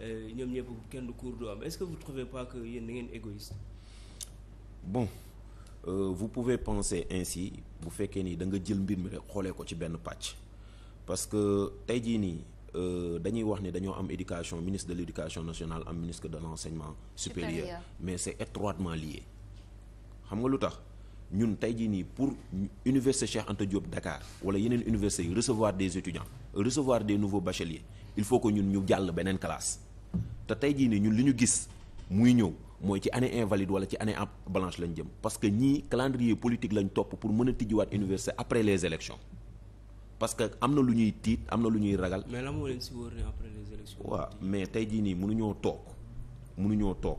Euh, ñoom ñëpp kenn cour du am est-ce que vous trouvez que yéen da ngeen égoïste bon euh, vous pouvez penser bu fekkee ni da nga jël mbir mi xoolee ko ci benn pàcc parce que tey jii nii euh, dañuy wax ne dañoo am éducation ministre de l'éducation nationale am ministre de l'enseignement supérieur mais c'est étroitement lié xam nga lu tax ñun tey jii nii pour université Cheikh Anta Diop Dakar wala yeneen université yi recevoir des étudiants recevoir des nouveaux bacheliers il faut que ñun ñu jàll beneen classe te tey jii nii ñun li ñu gis muy ñëw mooy ci anne invalide wala ci année blanche lañ jëm parce que ñii calendrier politique lañ topp pour mën a tijjiwaat université après les élections parce que am na lu ñuy tiit am na lu ñuy ragal. mais lan moo leen si wóor les élections. waaw mais tey jii nii mënuñoo toog mënuñoo toog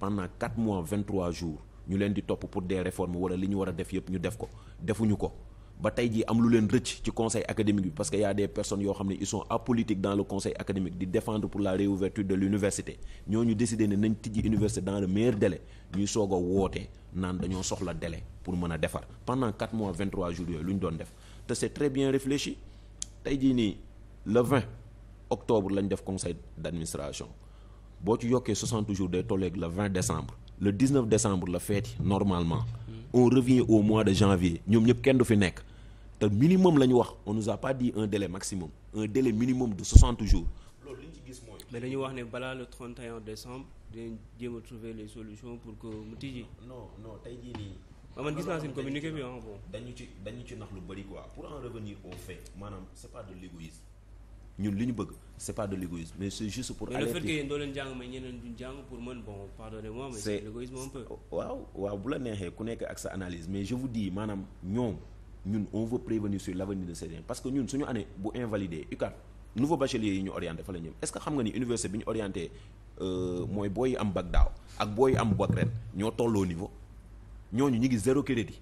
pendant 4 mois 23 jours ñu leen di topp pour des réformes wala li ñu war a def yëpp ñu def ko defuñu ko. ba tey jii am lu leen rëcc ci conseil académique bi parce que y a des personnes yoo xam ne ils sont apolitiques dans le conseil académique di défendre pour la réouverture de l'université ñooñu décidé ne nañ tijji université dans le meilleur délai ñuy soog a woote naan dañoo soxla délai pour mën a defar pendant 4 mois 23 jours yooyu lu ñu doon def te c'est très bien réfléchi tey jii nii le 20 octobre lañ def conseil d'administration boo ci yokkee 60 jours day tolleeg le 20 décembre le 19 décembre la feeti normalement on revient au mois de janvier ñoom ñëpp kenn du fi nekk te minimum la ñu wax on nous a pas dit un délai maximum un délai minimum de 60 jours. loolu li ñu ci gis mooy. mais dañu wax ne balaa le 31 décembre dinañ jéem a trouver les solutions pour que mu tijji. non non tey jii nii. man gis naa seen communiqué bi ah bon. dañu ci dañu ci nax lu bari quoi pour en revenir au fait maanaam c'est pas de l'égoïsme. ñun li ñu bëgg c'est pas de l'égoïsme mais c'est juste pour. alerter mais le doo leen jàng mais ñeneen duñ jàng pour mën bon pardonnez-moi mais waaw bu la neexee ku nekk ak sa analyse mais je vous dis maanaam ñoom ñun on veut prévenir parce que ñun suñu année bu invalidé UCAD nouveau bachelier yi ñu orienté fa la ñëm est-ce que xam nga ni université bi ñu orienté euh, mooy booy am bac daaw ak booy am bac ren ñoo tolloo niveau ñooñu ñu ngi zéro crédit.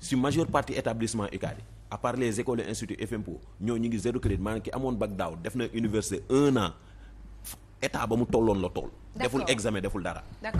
si majeure partie établissement UCAD yi à part les écoles et instituts ñoo ñu ngi zéro crédit maanaam ki amoon bac daaw def na université un an état ba mu tolloon la toll. deful examen deful dara.